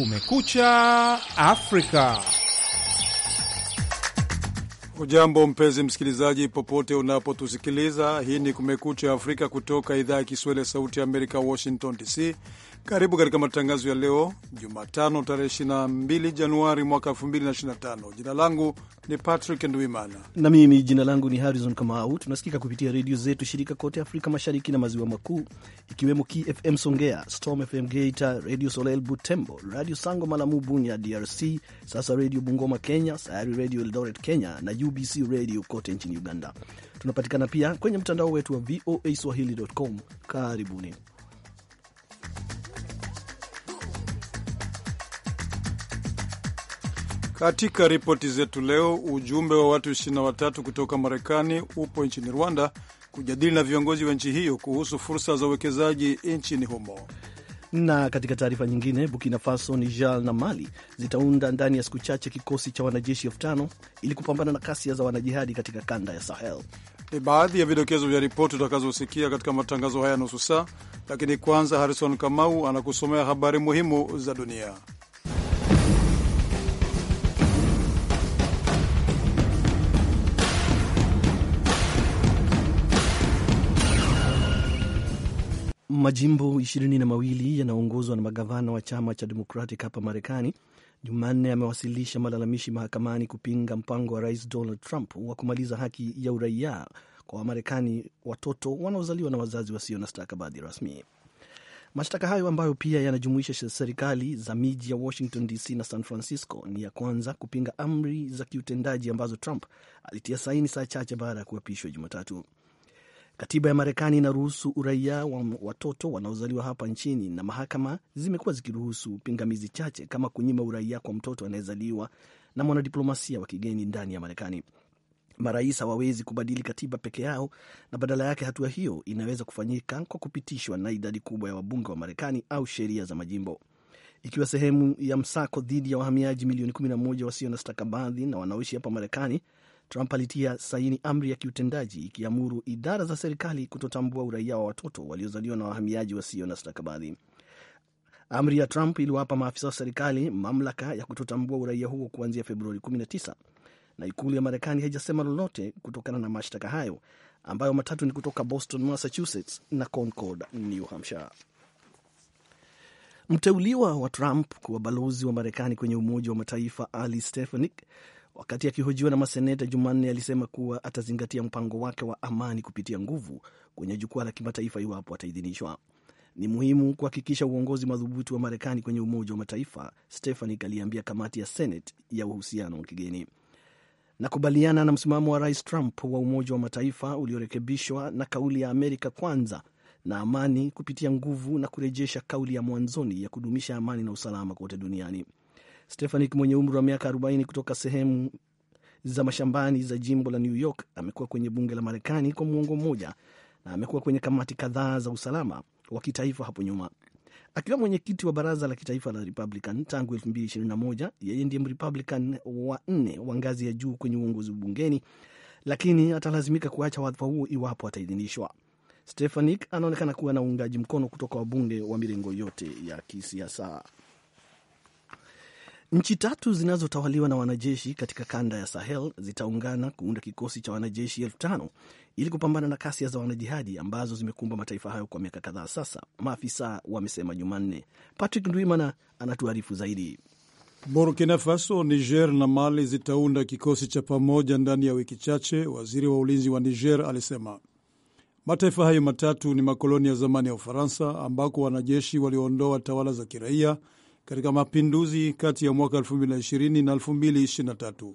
Kumekucha Afrika. Ujambo mpenzi msikilizaji, popote unapotusikiliza. Hii ni Kumekucha Afrika kutoka idhaa ya Kiswahili ya Sauti ya Amerika, Washington DC. Karibu katika matangazo ya leo Jumatano, tarehe 22 Januari mwaka 2025. Jina langu ni Patrick Ndwimana na mimi jina langu ni Harrison Kamau. Tunasikika kupitia redio zetu shirika kote Afrika Mashariki na Maziwa Makuu, ikiwemo KFM Songea, Storm FM Geita, Radio Soleil Butembo, Radio Sango Malamu Bunya DRC, sasa Redio Bungoma Kenya, Sayari Redio Eldoret Kenya na UBC Radio kote nchini Uganda. Tunapatikana pia kwenye mtandao wetu wa VOA Swahili.com. Karibuni. Katika ripoti zetu leo, ujumbe wa watu 23 kutoka Marekani upo nchini Rwanda kujadili na viongozi wa nchi hiyo kuhusu fursa za uwekezaji nchini humo. Na katika taarifa nyingine, Burkina Faso, Niger na Mali zitaunda ndani ya siku chache kikosi cha wanajeshi elfu tano ili kupambana na kasia za wanajihadi katika kanda ya Sahel. Ni baadhi ya vidokezo vya ripoti utakazosikia katika matangazo haya nusu saa, lakini kwanza, Harrison Kamau anakusomea habari muhimu za dunia. Majimbo ishirini na mawili yanaongozwa na magavana wa chama cha Democratic hapa Marekani Jumanne amewasilisha malalamishi mahakamani kupinga mpango wa rais Donald Trump wa kumaliza haki ya uraia kwa Wamarekani watoto wanaozaliwa na wazazi wasio na stakabadhi rasmi. Mashtaka hayo ambayo pia yanajumuisha serikali za miji ya Washington DC na San Francisco ni ya kwanza kupinga amri za kiutendaji ambazo Trump alitia saini saa chache baada ya kuapishwa Jumatatu. Katiba ya Marekani inaruhusu uraia wa watoto wanaozaliwa hapa nchini na mahakama zimekuwa zikiruhusu pingamizi chache kama kunyima uraia kwa mtoto anayezaliwa na mwanadiplomasia wa kigeni ndani ya Marekani. Marais hawawezi kubadili katiba peke yao, na badala yake hatua hiyo inaweza kufanyika kwa kupitishwa na idadi kubwa ya wabunge wa Marekani au sheria za majimbo, ikiwa sehemu ya msako dhidi ya wahamiaji milioni 11 wasio na stakabadhi na wanaoishi hapa Marekani. Trump alitia saini amri ya kiutendaji ikiamuru idara za serikali kutotambua uraia wa watoto waliozaliwa na wahamiaji wasio na stakabadhi. Amri ya Trump iliwapa maafisa wa serikali mamlaka ya kutotambua uraia huo kuanzia Februari 19 na ikulu ya Marekani haijasema lolote kutokana na mashtaka hayo ambayo matatu ni kutoka Boston, Massachusetts na Concord, New Hampshire. Mteuliwa wa Trump kuwa balozi wa Marekani kwenye Umoja wa Mataifa Ali Stefanik Wakati akihojiwa na maseneta Jumanne, alisema kuwa atazingatia mpango wake wa amani kupitia nguvu kwenye jukwaa la kimataifa iwapo ataidhinishwa. Ni muhimu kuhakikisha uongozi madhubuti wa Marekani kwenye Umoja wa Mataifa, Stefanik aliambia kamati ya Senate ya uhusiano wa kigeni. Nakubaliana na msimamo wa Rais Trump wa Umoja wa Mataifa uliorekebishwa na kauli ya Amerika kwanza na amani kupitia nguvu na kurejesha kauli ya mwanzoni ya kudumisha amani na usalama kote duniani. Stefanik mwenye umri wa miaka 40 kutoka sehemu za mashambani za jimbo la New York amekuwa kwenye bunge la Marekani kwa mwongo mmoja na amekuwa kwenye kamati kadhaa za usalama wa kitaifa hapo nyuma akiwa mwenyekiti wa baraza la kitaifa la Republican tangu 2021. Yeye ndiye Mrepublican wa nne wa ngazi ya juu kwenye uongozi bungeni, lakini atalazimika kuacha wadhifa huo iwapo ataidhinishwa. Stefanik anaonekana kuwa na uungaji mkono kutoka wabunge wa mirengo yote ya kisiasa. Nchi tatu zinazotawaliwa na wanajeshi katika kanda ya Sahel zitaungana kuunda kikosi cha wanajeshi elfu tano ili kupambana na kasia za wanajihadi ambazo zimekumba mataifa hayo kwa miaka kadhaa sasa, maafisa wamesema Jumanne. Patrick Ndwimana anatuarifu zaidi. Burkina Faso, Niger na Mali zitaunda kikosi cha pamoja ndani ya wiki chache, waziri wa ulinzi wa Niger alisema. Mataifa hayo matatu ni makoloni ya zamani ya Ufaransa ambako wanajeshi waliondoa tawala za kiraia katika mapinduzi kati ya mwaka 2020 na 2023.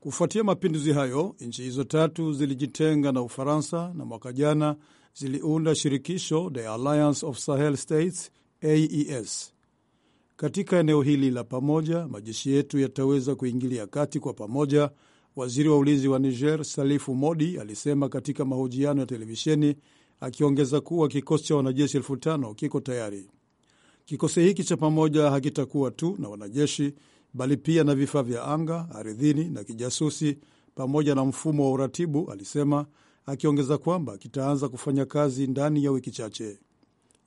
Kufuatia mapinduzi hayo, nchi hizo tatu zilijitenga na Ufaransa na mwaka jana ziliunda shirikisho The Alliance of Sahel States AES. Katika eneo hili la pamoja, majeshi yetu yataweza kuingilia kati kwa pamoja, waziri wa ulinzi wa Niger Salifu Modi alisema katika mahojiano ya televisheni, akiongeza kuwa kikosi cha wanajeshi elfu tano kiko tayari. Kikosi hiki cha pamoja hakitakuwa tu na wanajeshi, bali pia na vifaa vya anga, ardhini na kijasusi, pamoja na mfumo wa uratibu, alisema, akiongeza kwamba kitaanza kufanya kazi ndani ya wiki chache.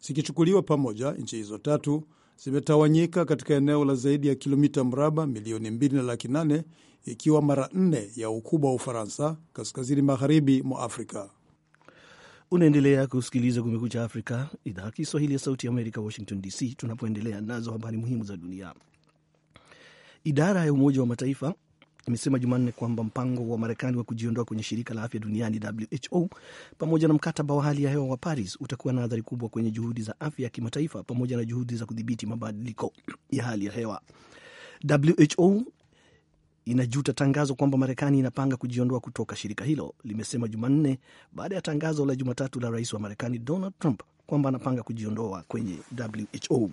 Zikichukuliwa pamoja, nchi hizo tatu zimetawanyika katika eneo la zaidi ya kilomita mraba milioni mbili na laki nane ikiwa mara nne ya ukubwa wa Ufaransa, kaskazini magharibi mwa Afrika. Unaendelea kusikiliza Kumekucha Afrika, idhaa ya Kiswahili ya Sauti ya Amerika, Washington DC, tunapoendelea nazo habari muhimu za dunia. Idara ya Umoja wa Mataifa imesema Jumanne kwamba mpango wa Marekani wa kujiondoa kwenye shirika la afya duniani WHO pamoja na mkataba wa hali ya hewa wa Paris utakuwa na athari kubwa kwenye juhudi za afya ya kimataifa pamoja na juhudi za kudhibiti mabadiliko ya hali ya hewa. WHO inajuta tangazo kwamba Marekani inapanga kujiondoa kutoka shirika hilo, limesema Jumanne baada ya tangazo la Jumatatu la rais wa Marekani Donald Trump kwamba anapanga kujiondoa kwenye WHO.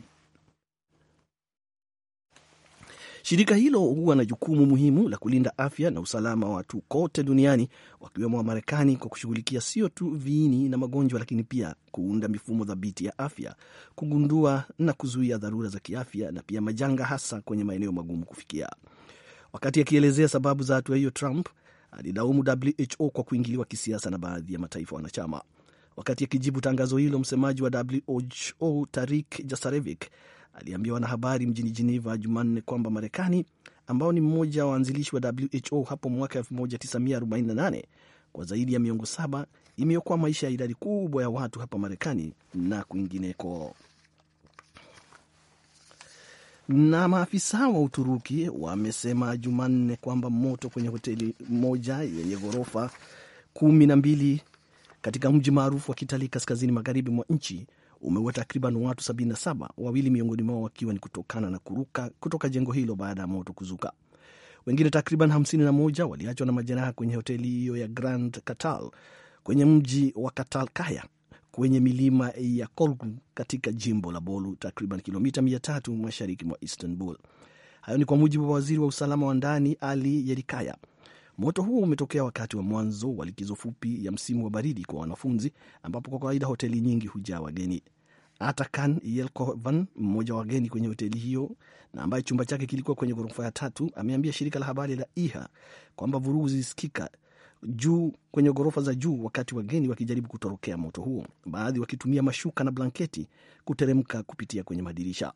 Shirika hilo huwa na jukumu muhimu la kulinda afya na usalama wa watu kote duniani wakiwemo wa Marekani kwa kushughulikia sio tu viini na magonjwa, lakini pia kuunda mifumo thabiti ya afya, kugundua na kuzuia dharura za kiafya na pia majanga, hasa kwenye maeneo magumu kufikia. Wakati akielezea sababu za hatua hiyo, Trump alilaumu WHO kwa kuingiliwa kisiasa na baadhi ya mataifa wanachama. Wakati akijibu tangazo hilo, msemaji wa WHO Tarik Jasarevic aliambia wanahabari mjini Jeneva Jumanne kwamba Marekani, ambao ni mmoja wa waanzilishi wa WHO hapo mwaka 1948 kwa zaidi ya miongo saba, imeokoa maisha ya idadi kubwa ya watu hapa Marekani na kwingineko. Na maafisa wa Uturuki wamesema Jumanne kwamba moto kwenye hoteli moja yenye ghorofa kumi na mbili katika mji maarufu wa kitalii kaskazini magharibi mwa nchi umeua takriban watu 77, wawili miongoni mwao wakiwa ni kutokana na kuruka kutoka jengo hilo baada ya moto kuzuka. Wengine takriban 51 waliachwa na majeraha kwenye hoteli hiyo ya Grand Katal kwenye mji wa katal kaya kwenye milima ya Kolgu katika jimbo la Bolu, takriban kilomita 300 mashariki mwa Istanbul. Hayo ni kwa mujibu wa waziri wa usalama wa ndani Ali Yerikaya. Moto huo umetokea wakati wa mwanzo wa likizo fupi ya msimu wa baridi kwa wanafunzi, ambapo kwa kawaida hoteli nyingi hujaa wageni. Atakan Yelkovan, mmoja wa wageni kwenye hoteli hiyo na ambaye chumba chake kilikuwa kwenye ghorofa ya tatu, ameambia shirika la habari la IHA kwamba vurugu zilisikika juu kwenye ghorofa za juu, wakati wageni wakijaribu kutorokea moto huo, baadhi wakitumia mashuka na blanketi kuteremka kupitia kwenye madirisha.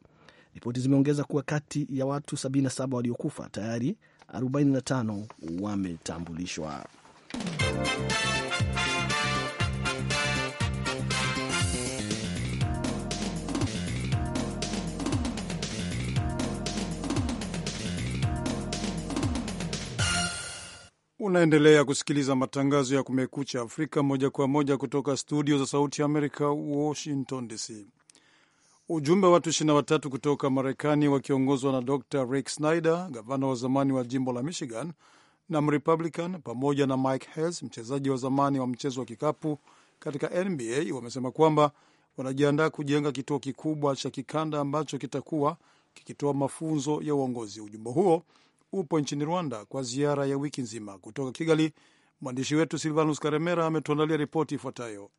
Ripoti zimeongeza kuwa kati ya watu 77 waliokufa tayari 45 wametambulishwa. Unaendelea kusikiliza matangazo ya Kumekucha Afrika moja kwa moja kutoka studio za Sauti ya Amerika, Washington DC. Ujumbe wa watu 23 kutoka Marekani wakiongozwa na Dr Rick Snyder, gavana wa zamani wa jimbo la Michigan na Mrepublican, pamoja na Mike Hess, mchezaji wa zamani wa mchezo wa kikapu katika NBA, wamesema kwamba wanajiandaa kujenga kituo kikubwa cha kikanda ambacho kitakuwa kikitoa mafunzo ya uongozi. Ujumbe huo upo nchini Rwanda kwa ziara ya wiki nzima. Kutoka Kigali, mwandishi wetu Silvanus Karemera ametuandalia ripoti ifuatayo.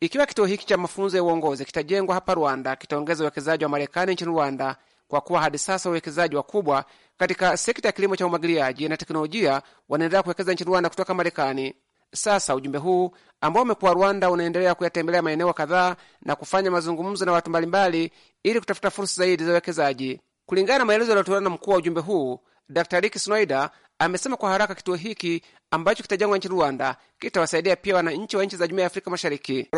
Ikiwa kituo hiki cha mafunzo ya uongozi kitajengwa hapa Rwanda, kitaongeza uwekezaji wa Marekani nchini Rwanda, kwa kuwa hadi sasa wawekezaji wakubwa katika sekta ya kilimo cha umwagiliaji na teknolojia wanaendelea kuwekeza nchini Rwanda kutoka Marekani. Sasa ujumbe huu ambao umekuwa Rwanda unaendelea kuyatembelea maeneo kadhaa na kufanya mazungumzo na watu mbalimbali ili kutafuta fursa zaidi za uwekezaji. Kulingana na maelezo yaliyotolewa na mkuu wa ujumbe huu, Dr Rick Snoider amesema kwa haraka kituo hiki ambacho kitajengwa nchini Rwanda kitawasaidia pia wananchi wa nchi za jumuiya ya Afrika Mashariki.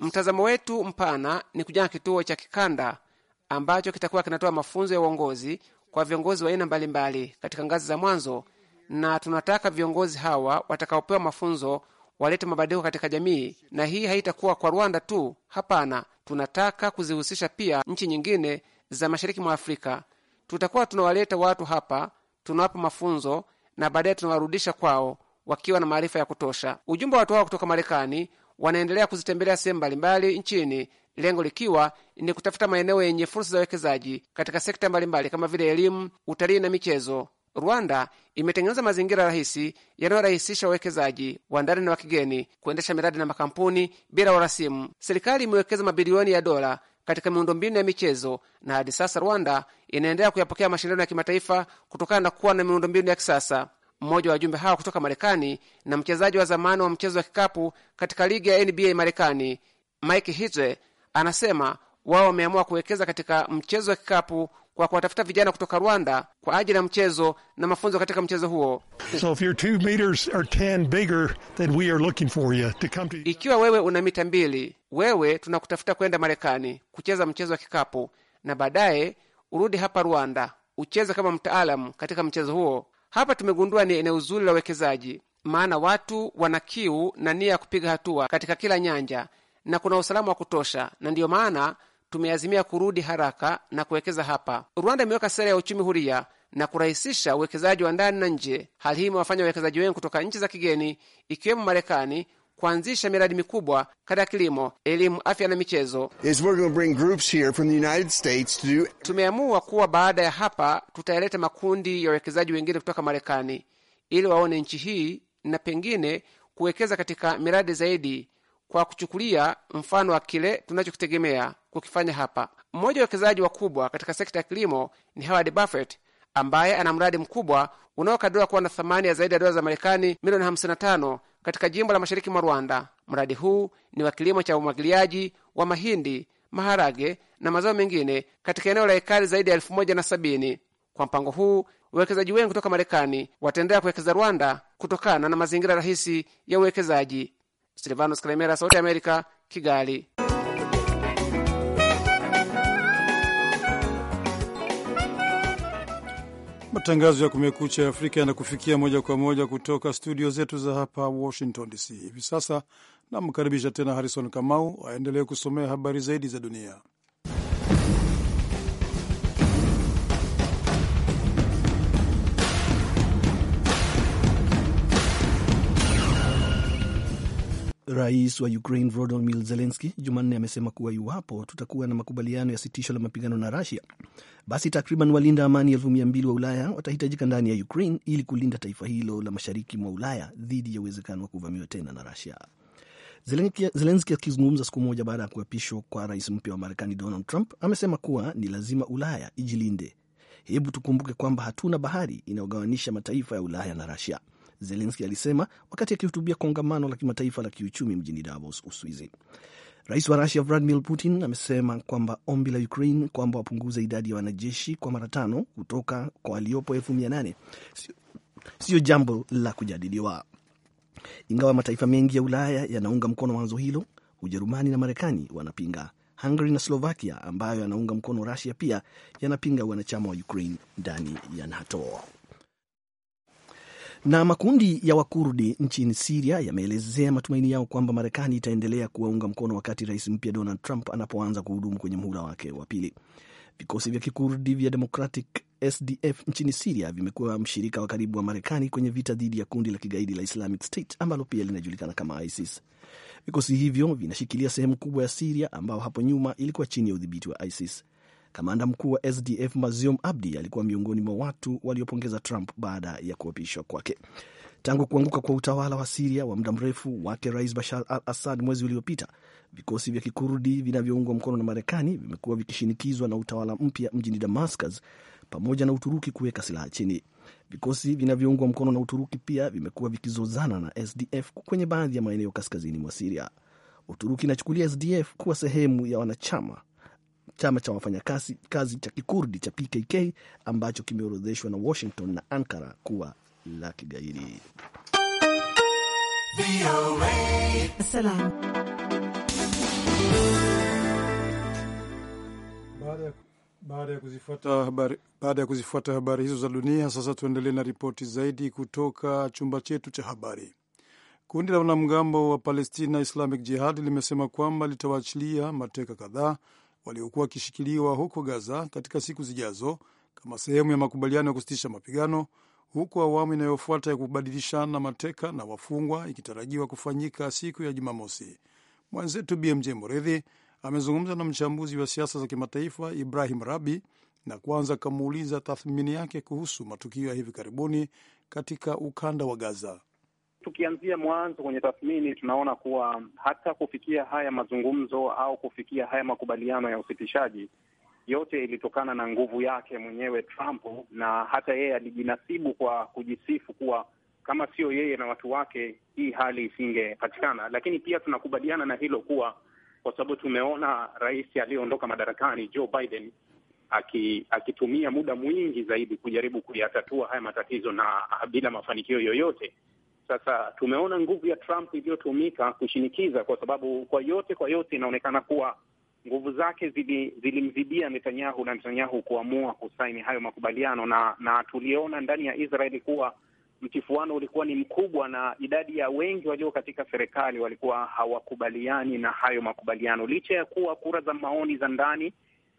Mtazamo wetu mpana ni kujenga kituo cha kikanda ambacho kitakuwa kinatoa mafunzo ya uongozi kwa viongozi wa aina mbalimbali katika ngazi za mwanzo, na tunataka viongozi hawa watakaopewa mafunzo walete mabadiliko katika jamii, na hii haitakuwa kwa Rwanda tu. Hapana, tunataka kuzihusisha pia nchi nyingine za mashariki mwa Afrika. Tutakuwa tunawaleta watu hapa, tunawapa mafunzo na baadaye tunawarudisha kwao wakiwa na maarifa ya kutosha. Ujumbe wa watu hao kutoka Marekani wanaendelea kuzitembelea sehemu mbalimbali nchini, lengo likiwa ni kutafuta maeneo yenye fursa za uwekezaji katika sekta mbalimbali mbali, kama vile elimu, utalii na michezo. Rwanda imetengeneza mazingira rahisi yanayorahisisha wawekezaji wa ndani na wa kigeni kuendesha miradi na makampuni bila urasimu. Serikali imewekeza mabilioni ya dola katika miundombinu ya michezo na hadi sasa Rwanda inaendelea kuyapokea mashindano ya kimataifa kutokana na kuwa na miundombinu ya kisasa. Mmoja wa wajumbe hawa kutoka Marekani na mchezaji wa zamani wa mchezo wa kikapu katika ligi ya NBA Marekani, Mike Hitze, anasema wao wameamua kuwekeza katika mchezo wa kikapu kwa kuwatafuta vijana kutoka Rwanda kwa ajili ya mchezo na mafunzo katika mchezo huo. So ikiwa wewe una mita mbili, wewe tunakutafuta kwenda Marekani kucheza mchezo wa kikapu, na baadaye urudi hapa Rwanda ucheze kama mtaalamu katika mchezo huo. Hapa tumegundua ni eneo zuri la uwekezaji, maana watu wana kiu na nia ya kupiga hatua katika kila nyanja, na kuna usalama wa kutosha, na ndiyo maana tumeazimia kurudi haraka na kuwekeza hapa. Rwanda imeweka sera ya uchumi huria na kurahisisha uwekezaji wa ndani na nje. Hali hii imewafanya wawekezaji wengi kutoka nchi za kigeni ikiwemo Marekani kuanzisha miradi mikubwa katika kilimo, elimu, afya na michezo. tumeamua kuwa baada ya hapa tutayaleta makundi ya wawekezaji wengine kutoka Marekani ili waone nchi hii na pengine kuwekeza katika miradi zaidi, kwa kuchukulia mfano wa kile tunachokitegemea kukifanya hapa. Mmoja wa wawekezaji wakubwa katika sekta ya kilimo ni Howard Buffett ambaye ana mradi mkubwa unaokadiriwa kuwa na thamani ya zaidi ya dola za Marekani milioni 55 katika jimbo la mashariki mwa Rwanda. Mradi huu ni wa kilimo cha umwagiliaji wa mahindi, maharage na mazao mengine katika eneo la ekari zaidi ya elfu moja na sabini. Kwa mpango huu wawekezaji wengi kutoka Marekani wataendelea kuwekeza Rwanda kutokana na mazingira rahisi ya uwekezaji. Silvanos Kalemera, Sauti ya Amerika, Kigali. Matangazo ya Kumekucha Afrika yanakufikia moja kwa moja kutoka studio zetu za hapa Washington DC. Hivi sasa namkaribisha tena Harrison Kamau aendelee kusomea habari zaidi za dunia. Rais wa Ukraine Volodymyr Zelensky Jumanne amesema kuwa iwapo tutakuwa na makubaliano ya sitisho la mapigano na Russia, basi takriban walinda amani elfu mia mbili wa Ulaya watahitajika ndani ya Ukraine ili kulinda taifa hilo la mashariki mwa Ulaya dhidi ya uwezekano wa kuvamiwa tena na Rusia. Zelenski akizungumza siku moja baada ya kuapishwa kwa rais mpya wa Marekani Donald Trump amesema kuwa ni lazima Ulaya ijilinde. Hebu tukumbuke kwamba hatuna bahari inayogawanisha mataifa ya Ulaya na Rusia, Zelenski alisema wakati akihutubia kongamano la kimataifa la kiuchumi mjini Davos, Uswizi. Rais wa Rusia Vladimir Putin amesema kwamba ombi la Ukraine kwamba wapunguze idadi ya wanajeshi kwa mara tano kutoka kwa waliopo elfu mia nane siyo jambo la kujadiliwa. Ingawa mataifa mengi ya Ulaya yanaunga mkono wazo hilo, Ujerumani na Marekani wanapinga. Hungary na Slovakia ambayo yanaunga mkono Rusia pia yanapinga wanachama wa Ukraine ndani ya NATO. Na makundi ya Wakurdi nchini Siria yameelezea matumaini yao kwamba Marekani itaendelea kuwaunga mkono wakati rais mpya Donald Trump anapoanza kuhudumu kwenye muhula wake wa pili. Vikosi vya Kikurdi vya Democratic SDF nchini Siria vimekuwa mshirika wa karibu wa Marekani kwenye vita dhidi ya kundi la kigaidi la Islamic State ambalo pia linajulikana kama ISIS. Vikosi hivyo vinashikilia sehemu kubwa ya Siria ambayo hapo nyuma ilikuwa chini ya udhibiti wa ISIS. Kamanda mkuu wa SDF Mazium Abdi alikuwa miongoni mwa watu waliopongeza Trump baada ya kuapishwa kwake. Tangu kuanguka kwa utawala wa Siria wa muda mrefu wake Rais Bashar al Assad mwezi uliopita, vikosi vya kikurdi vinavyoungwa mkono na Marekani vimekuwa vikishinikizwa na utawala mpya mjini Damascus pamoja na Uturuki kuweka silaha chini. Vikosi vinavyoungwa mkono na Uturuki pia vimekuwa vikizozana na SDF kwenye baadhi ya maeneo kaskazini mwa Siria. Uturuki inachukulia SDF kuwa sehemu ya wanachama chama cha wafanyakazi kazi cha kikurdi cha PKK ambacho kimeorodheshwa na Washington na Ankara kuwa la kigaidi. Baada ya kuzifuata habari, baada ya kuzifuata habari hizo za dunia, sasa tuendelee na ripoti zaidi kutoka chumba chetu cha habari. Kundi la wanamgambo wa Palestina Islamic Jihad limesema kwamba litawaachilia mateka kadhaa waliokuwa wakishikiliwa huko Gaza katika siku zijazo kama sehemu ya makubaliano ya kusitisha mapigano, huku awamu inayofuata ya kubadilishana mateka na wafungwa ikitarajiwa kufanyika siku ya Jumamosi. Mwenzetu BMJ moredhi amezungumza na mchambuzi wa siasa za kimataifa Ibrahim Rabi na kwanza akamuuliza tathmini yake kuhusu matukio ya hivi karibuni katika ukanda wa Gaza. Tukianzia mwanzo kwenye tathmini, tunaona kuwa hata kufikia haya mazungumzo au kufikia haya makubaliano ya usitishaji, yote ilitokana na nguvu yake mwenyewe Trump, na hata yeye alijinasibu kwa kujisifu kuwa kama sio yeye na watu wake hii hali isingepatikana. Lakini pia tunakubaliana na hilo kuwa, kwa sababu tumeona rais aliyeondoka madarakani Joe Biden akitumia aki muda mwingi zaidi kujaribu kuyatatua haya matatizo na bila mafanikio yoyote. Sasa tumeona nguvu ya Trump iliyotumika kushinikiza, kwa sababu kwa yote kwa yote inaonekana kuwa nguvu zake zilimzidia zili Netanyahu na Netanyahu kuamua kusaini hayo makubaliano, na na tuliona ndani ya Israeli kuwa mtifuano ulikuwa ni mkubwa, na idadi ya wengi walio katika serikali walikuwa hawakubaliani na hayo makubaliano, licha ya kuwa kura za maoni za ndani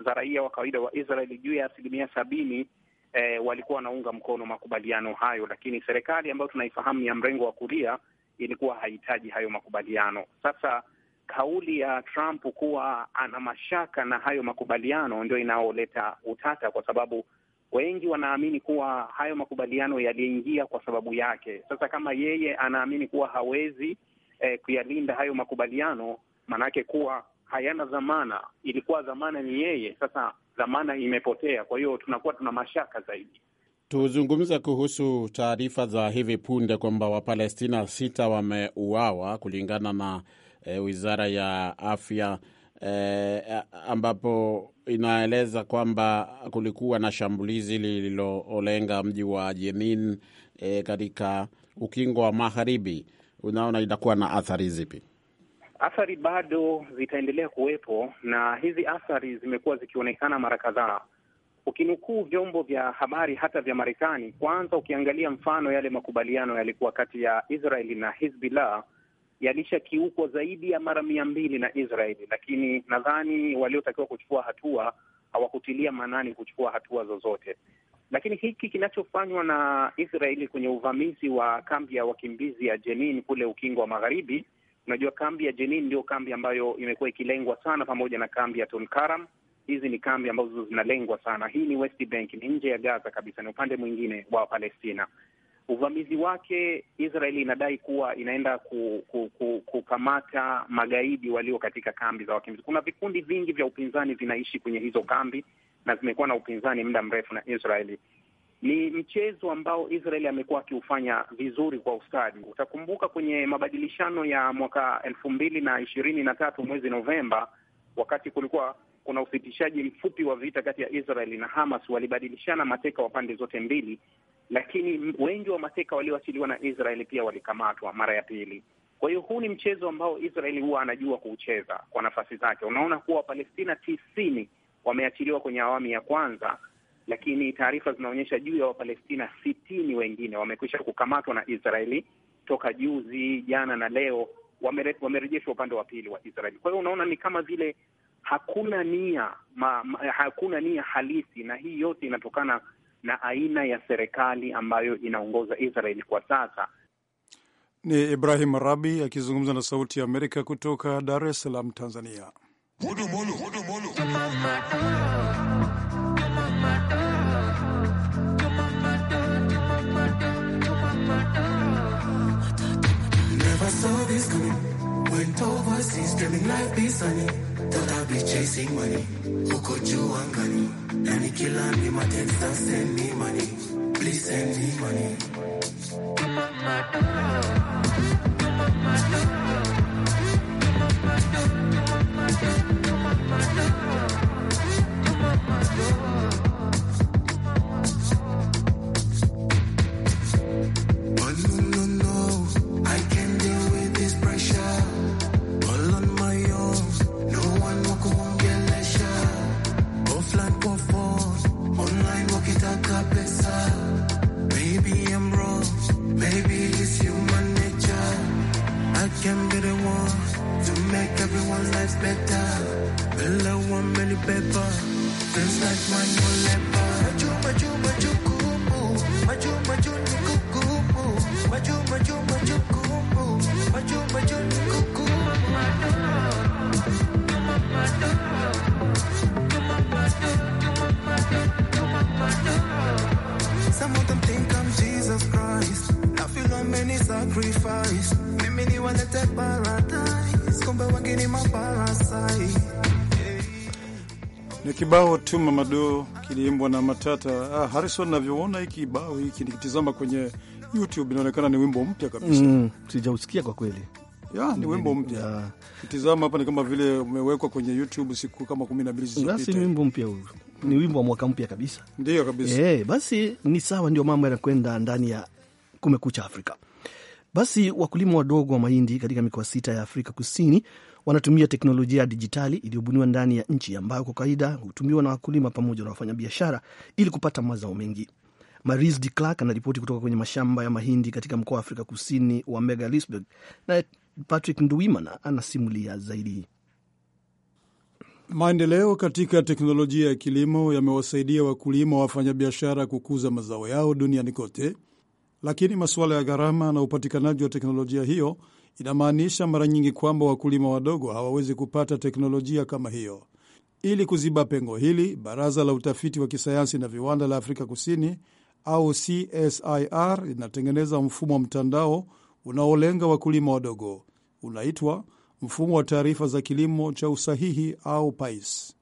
za raia wa kawaida wa Israeli juu ya asilimia sabini eh, walikuwa wanaunga mkono makubaliano hayo, lakini serikali ambayo tunaifahamu ya mrengo wa kulia ilikuwa hahitaji hayo makubaliano. Sasa kauli ya Trump kuwa ana mashaka na hayo makubaliano ndio inaoleta utata, kwa sababu wengi wanaamini kuwa hayo makubaliano yaliingia kwa sababu yake. Sasa kama yeye anaamini kuwa hawezi eh, kuyalinda hayo makubaliano, maanake kuwa hayana dhamana, ilikuwa dhamana ni yeye. Sasa dhamana imepotea. Kwa hiyo tunakuwa tuna mashaka zaidi. Tuzungumze kuhusu taarifa za hivi punde kwamba Wapalestina sita wameuawa kulingana na e, wizara ya afya e, ambapo inaeleza kwamba kulikuwa na shambulizi lililolenga mji wa Jenin e, katika ukingo wa magharibi. Unaona, inakuwa na athari zipi? Athari bado zitaendelea kuwepo, na hizi athari zimekuwa zikionekana mara kadhaa. Ukinukuu vyombo vya habari hata vya Marekani, kwanza ukiangalia mfano yale makubaliano yalikuwa kati ya Israeli na Hizbullah yalishakiukwa zaidi ya mara mia mbili na Israeli, lakini nadhani waliotakiwa kuchukua hatua hawakutilia maanani kuchukua hatua zozote. Lakini hiki kinachofanywa na Israeli kwenye uvamizi wa kambi ya wakimbizi ya Jenin kule Ukingo wa Magharibi Unajua, kambi ya Jenin ndio kambi ambayo imekuwa ikilengwa sana, pamoja na kambi ya Tulkaram. Hizi ni kambi ambazo zinalengwa sana. Hii ni West Bank, ni nje ya Gaza kabisa, ni upande mwingine wa Palestina. Uvamizi wake, Israel inadai kuwa inaenda ku, ku, ku, kukamata magaidi walio katika kambi za wakimbizi. Kuna vikundi vingi vya upinzani vinaishi kwenye hizo kambi na zimekuwa na upinzani muda mrefu na Israeli. Ni mchezo ambao Israel amekuwa akiufanya vizuri kwa ustadi. Utakumbuka kwenye mabadilishano ya mwaka elfu mbili na ishirini na tatu mwezi Novemba, wakati kulikuwa kuna usitishaji mfupi wa vita kati ya Israel na Hamas, walibadilishana mateka wa pande zote mbili, lakini wengi wa mateka walioachiliwa na Israel pia walikamatwa mara ya pili. Kwa hiyo huu ni mchezo ambao Israel huwa anajua kuucheza kwa nafasi zake. Unaona kuwa Wapalestina tisini wameachiliwa kwenye awamu ya kwanza lakini taarifa zinaonyesha juu ya Wapalestina sitini wengine wamekwisha kukamatwa na Israeli toka juzi, jana na leo wamerejeshwa upande wa pili wa Israeli. Kwa hiyo unaona ni kama vile hakuna nia ma, ma, hakuna nia halisi, na hii yote inatokana na aina ya serikali ambayo inaongoza Israeli kwa sasa. Ni Ibrahim Rabi akizungumza na Sauti ya Amerika kutoka Dar es Salaam, Tanzania. Budu, budu, budu, budu. is coming. Went overseas, dreaming life be sunny. Thought I'd be chasing money. Who could you want money? Any killer me, my text and send me money. Please send me money. damu Jesus Christ, feel nafilo many sacrifice, mimi ni walete paradise, kumbe wengine maparasai. Ni kibao tu Mamado kiliimbwa na Matata. Ah, Harrison, navyoona hiki kibao hiki nikitizama kwenye YouTube inaonekana ni wimbo mpya kabisa. Mm, sijausikia kwa kweli. Ya, ni wimbo mpya. Ah. Kitizama hapa ni kama vile umewekwa kwenye YouTube siku kama 12 zilizopita. Basi ni wimbo mpya huyu ni wimbo wa mwaka mpya kabisa. Ndio kabisa. E, basi ni sawa, ndio mambo yanakwenda ndani ya Kumekucha Afrika. Basi wakulima wadogo wa mahindi katika mikoa sita ya Afrika Kusini wanatumia teknolojia ya dijitali iliyobuniwa ndani ya nchi ambayo kwa kawaida hutumiwa na wakulima pamoja na wafanyabiashara ili kupata mazao mengi. Maris de Clark anaripoti kutoka kwenye mashamba ya mahindi katika mkoa wa Afrika Kusini wa Megalisburg, naye Patrick Nduwimana anasimulia zaidi. Maendeleo katika teknolojia ya kilimo yamewasaidia wakulima wa wafanyabiashara kukuza mazao yao duniani kote, lakini masuala ya gharama na upatikanaji wa teknolojia hiyo inamaanisha mara nyingi kwamba wakulima wadogo hawawezi kupata teknolojia kama hiyo. Ili kuziba pengo hili, baraza la utafiti wa kisayansi na viwanda la Afrika Kusini au CSIR linatengeneza mfumo wa mtandao unaolenga wakulima wadogo, unaitwa mfumo wa taarifa za kilimo cha usahihi au PAIS.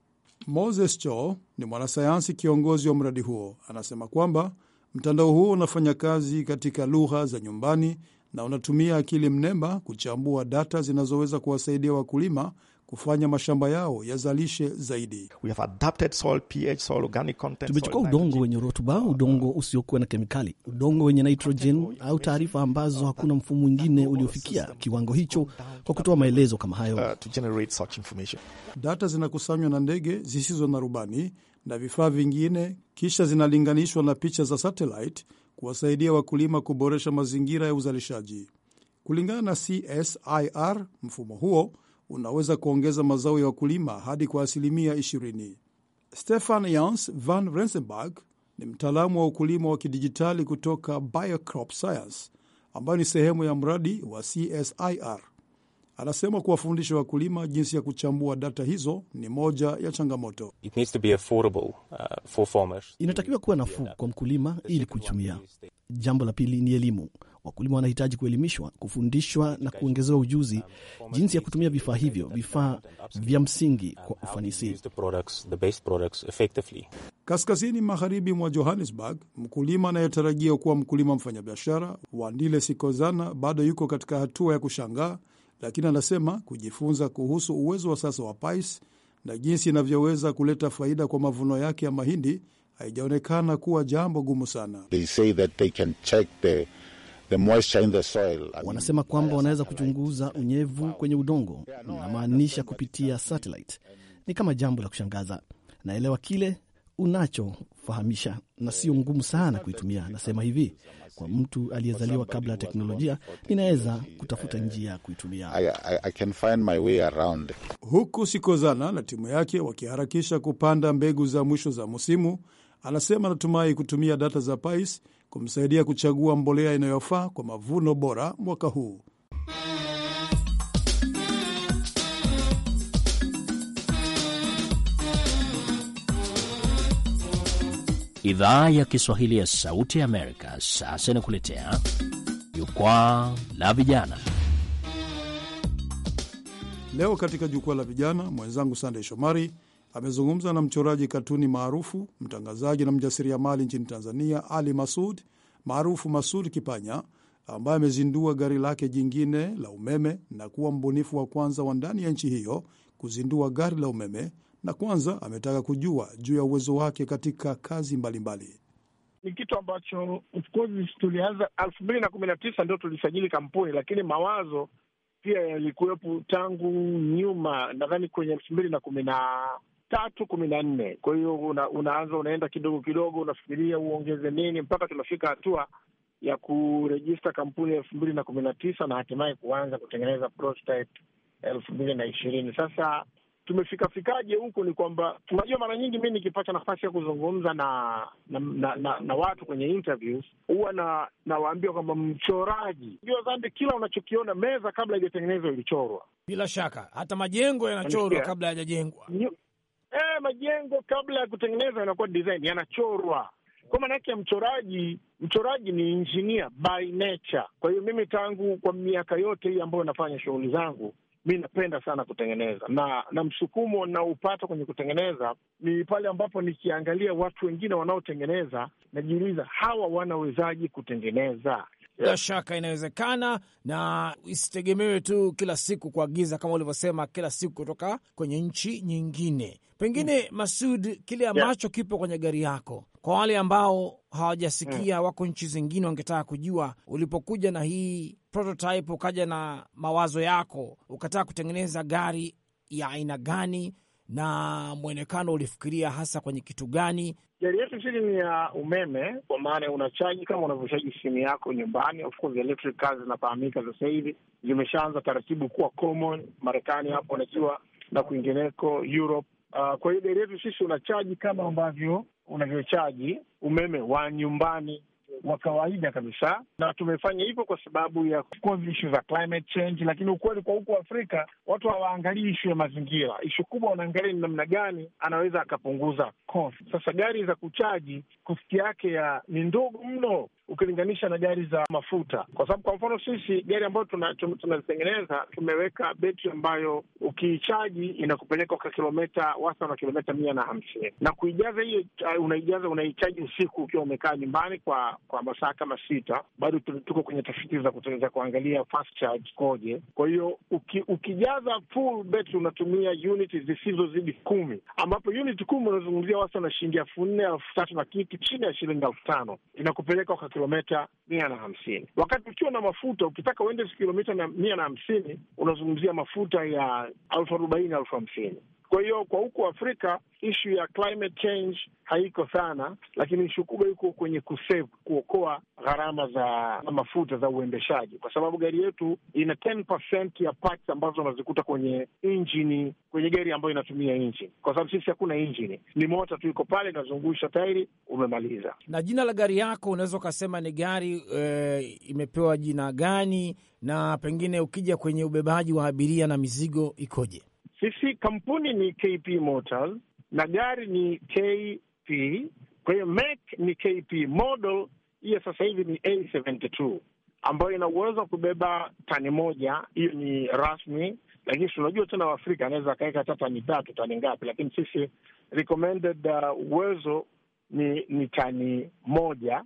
Moses Cho ni mwanasayansi kiongozi wa mradi huo, anasema kwamba mtandao huo unafanya kazi katika lugha za nyumbani na unatumia akili mnemba kuchambua data zinazoweza kuwasaidia wakulima kufanya mashamba yao yazalishe zaidi. Tumechukua udongo wenye rutuba, ah, udongo ah. usiokuwa na kemikali, udongo wenye nitrogen au taarifa ambazo ah, hakuna mfumo mwingine uliofikia kiwango hicho kwa kutoa maelezo kama hayo. Uh, Data zinakusanywa na ndege zisizo na rubani na vifaa vingine, kisha zinalinganishwa na picha za satellite kuwasaidia wakulima kuboresha mazingira ya uzalishaji. Kulingana na CSIR, mfumo huo unaweza kuongeza mazao ya wakulima hadi kwa asilimia 20. Stefan Jans van Rensenberg ni mtaalamu wa ukulima wa kidijitali kutoka Biocrop Science ambayo ni sehemu ya mradi wa CSIR. Anasema kuwafundisha wakulima jinsi ya kuchambua data hizo ni moja ya changamoto. It needs to be affordable, uh, for farmers. Inatakiwa kuwa nafuu kwa mkulima ili kuitumia. Jambo la pili ni elimu. Wakulima wanahitaji kuelimishwa, kufundishwa na kuongezewa ujuzi jinsi ya kutumia vifaa hivyo, vifaa vya msingi kwa ufanisi. Kaskazini magharibi mwa Johannesburg, mkulima anayetarajia kuwa mkulima mfanyabiashara Wandile Sikozana bado yuko katika hatua ya kushangaa, lakini anasema kujifunza kuhusu uwezo wa sasa wa Pais na jinsi inavyoweza kuleta faida kwa mavuno yake ya mahindi haijaonekana kuwa jambo gumu sana. They say that they can check the the moisture in the soil. Wanasema kwamba wanaweza kuchunguza unyevu kwenye udongo, namaanisha kupitia satellite. Ni kama jambo la kushangaza. Naelewa kile unachofahamisha na sio ngumu sana kuitumia. Nasema hivi kwa mtu aliyezaliwa kabla ya teknolojia, ninaweza kutafuta eh, njia ya kuitumia. I, I, I can find my way around. Huku Sikozana na timu yake wakiharakisha kupanda mbegu za mwisho za msimu, anasema anatumai kutumia data za Pais kumsaidia kuchagua mbolea inayofaa kwa mavuno bora mwaka huu. Idhaa ya Kiswahili ya Sauti ya Amerika sasa inakuletea Jukwaa la Vijana. Leo katika Jukwaa la Vijana, mwenzangu Sandey Shomari amezungumza na mchoraji katuni maarufu, mtangazaji na mjasiriamali nchini Tanzania, Ali Masud maarufu Masud Kipanya, ambaye amezindua gari lake jingine la umeme na kuwa mbunifu wa kwanza wa ndani ya nchi hiyo kuzindua gari la umeme, na kwanza ametaka kujua juu ya uwezo wake katika kazi mbalimbali mbali. Ni kitu ambacho of course tulianza elfu mbili na kumi na tisa ndio tulisajili kampuni, lakini mawazo pia yalikuwepo tangu nyuma, nadhani kwenye elfu mbili na kumi na tatu kumi na nne. Kwa hiyo una, unaanza unaenda kidogo kidogo, unafikiria uongeze nini mpaka tunafika hatua ya kurejista kampuni elfu mbili na kumi na tisa na hatimaye kuanza kutengeneza prototype elfu mbili na ishirini. Sasa tumefikafikaje huku? Ni kwamba tunajua, mara nyingi mi nikipata nafasi ya kuzungumza na na, na, na, na watu kwenye interviews huwa na nawaambia kwamba mchoraji, jua dhambi, kila unachokiona meza kabla haijatengenezwa ilichorwa. Bila shaka hata majengo yanachorwa kabla hayajajengwa eh, majengo kabla ya kutengenezwa yanakuwa design yanachorwa kwa maana yake ya mchoraji. Mchoraji ni engineer by nature. Kwa hiyo mimi tangu kwa miaka yote hii ambayo nafanya shughuli zangu, mi napenda sana kutengeneza na na msukumo naupata kwenye kutengeneza ni pale ambapo nikiangalia watu wengine wanaotengeneza, najiuliza hawa wanawezaji kutengeneza? bila yeah, shaka inawezekana, na isitegemewe tu kila siku kuagiza kama ulivyosema, kila siku kutoka kwenye nchi nyingine. Pengine mm, Masud, kile ambacho yeah, kipo kwenye gari yako, kwa wale ambao hawajasikia mm, wako nchi zingine, wangetaka kujua ulipokuja na hii prototype, ukaja na mawazo yako, ukataka kutengeneza gari ya aina gani? na mwonekano ulifikiria hasa kwenye kitu gani? Gari yetu sisi ni ya umeme, kwa maana unachaji kama unavyochaji simu yako nyumbani. Of course electric cars zinafahamika sasa hivi, zimeshaanza taratibu kuwa common Marekani hapo najua na kwingineko Europe. Uh, kwa hiyo gari yetu sisi unachaji kama ambavyo unavyochaji umeme wa nyumbani wa kawaida kabisa, na tumefanya hivyo kwa sababu ya ishu za climate change. Lakini ukweli kwa huku Afrika watu hawaangalii ishu ya mazingira, ishu kubwa wanaangalia ni namna gani anaweza akapunguza cost. Sasa gari za kuchaji kosti yake ya ni ndogo mno ukilinganisha na gari za mafuta, kwa sababu kwa mfano sisi gari ambayo tunazitengeneza tuna tumeweka betri ambayo ukiichaji inakupeleka kwa kilometa wasa na kilometa mia na hamsini na kuijaza hiyo uh, unaijaza unaichaji usiku ukiwa umekaa nyumbani kwa kwa masaa kama sita. Bado tuko kwenye tafiti za kuangalia fast charge koje. Kwa hiyo uki, ukijaza full betri unatumia unit zisizozidi kumi, ambapo unit kumi unazungumzia wasa na shilingi elfu nne elfu tatu na kitu chini ya shilingi elfu tano inakupeleka kwa kilomita mia na hamsini wakati ukiwa na mafuta ukitaka uende kilomita mia na hamsini unazungumzia mafuta ya elfu arobaini elfu hamsini kwa hiyo kwa huku Afrika ishu ya climate change haiko sana, lakini ishu kubwa iko kwenye kusave, kuokoa gharama za mafuta za uendeshaji, kwa sababu gari yetu ina 10% ya parts ambazo unazikuta kwenye injini, kwenye gari ambayo inatumia injini, kwa sababu sisi hakuna injini, ni mota tu iko pale inazungusha tairi, umemaliza. Na jina la gari yako unaweza ukasema ni gari e, imepewa jina gani? Na pengine ukija kwenye ubebaji wa abiria na mizigo ikoje? Sisi kampuni ni KP Motors na gari ni KP, kwa hiyo make ni KP, model hiyo sasa hivi ni A72 ambayo ina uwezo wa kubeba tani moja. Hiyo ni rasmi, lakini tunajua tena Waafrika anaweza akaweka hata tani tatu, tani ngapi, lakini sisi recommended uh, uwezo ni ni tani moja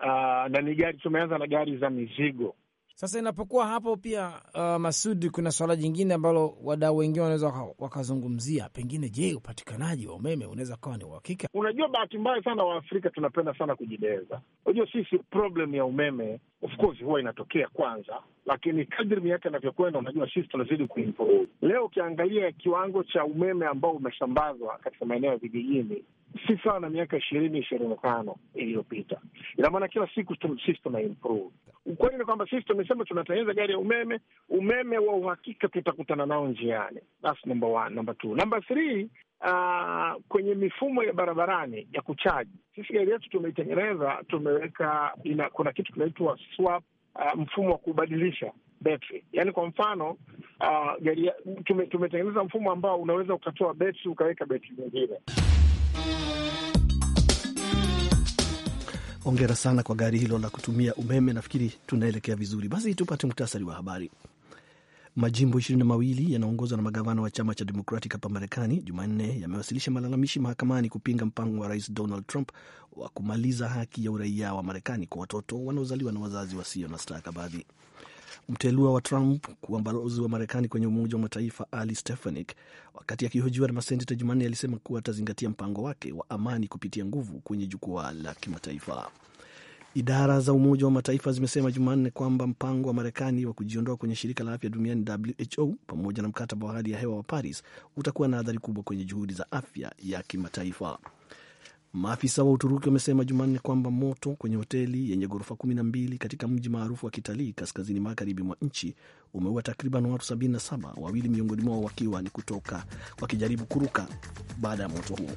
uh, na ni gari tumeanza na gari za mizigo sasa inapokuwa hapo pia, uh, Masud, kuna swala jingine ambalo wadau wengine wanaweza wakazungumzia pengine. Je, upatikanaji wa umeme unaweza ukawa ni uhakika? Unajua, bahati mbaya sana Waafrika tunapenda sana kujideza. Unajua, sisi problem ya umeme of course huwa inatokea kwanza, lakini kadri miaka inavyokwenda, unajua sisi tunazidi kuimprove. Leo ukiangalia kiwango cha umeme ambao umesambazwa katika maeneo ya vijijini si sawa na miaka ishirini ishirini na tano iliyopita. Ina maana kila siku system improve. Ukweli ni kwamba sisi tumesema tunatengeneza gari ya umeme, umeme wa uhakika tutakutana nao njiani. That's number one. Number two, number three, uh, kwenye mifumo ya barabarani ya kuchaji, sisi gari yetu tumeitengeneza, tumeweka ina, kuna kitu kinaitwa swap, uh, mfumo wa kubadilisha betri yaani, kwa mfano uh, gari tumetengeneza mfumo ambao unaweza ukatoa betri ukaweka betri nyingine. Hongera sana kwa gari hilo la kutumia umeme. Nafikiri tunaelekea vizuri. Basi tupate muktasari wa habari. Majimbo ishirini na mawili yanaongozwa na magavana wa chama cha Demokratic hapa Marekani Jumanne yamewasilisha malalamishi mahakamani kupinga mpango wa Rais Donald Trump wa kumaliza haki ya uraia wa Marekani kwa watoto wanaozaliwa na wazazi wasio na stakabadhi mtelua wa Trump kuwa balozi wa Marekani kwenye Umoja wa Mataifa Ali Stefanik, wakati akihojiwa na maseneta Jumanne, alisema kuwa atazingatia mpango wake wa amani kupitia nguvu kwenye jukwaa la kimataifa. Idara za Umoja wa Mataifa zimesema Jumanne kwamba mpango wa Marekani wa kujiondoa kwenye shirika la afya duniani WHO pamoja na mkataba wa hali ya hewa wa Paris utakuwa na athari kubwa kwenye juhudi za afya ya kimataifa. Maafisa wa Uturuki wamesema Jumanne kwamba moto kwenye hoteli yenye ghorofa kumi na mbili katika mji maarufu wa kitalii kaskazini magharibi mwa nchi umeua takriban watu 77, wawili miongoni mwao wakiwa ni kutoka wakijaribu kuruka baada ya moto huo.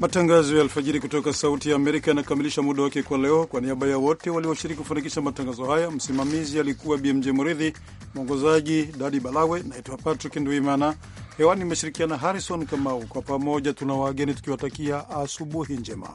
Matangazo ya alfajiri kutoka Sauti ya Amerika yanakamilisha muda wake kwa leo. Kwa niaba ya wote walioshiriki kufanikisha matangazo haya, msimamizi alikuwa BMJ Muridhi, mwongozaji Dadi Balawe. Naitwa Patrick Nduimana, hewani imeshirikiana Harrison Kamau. Kwa pamoja tuna wageni tukiwatakia asubuhi njema.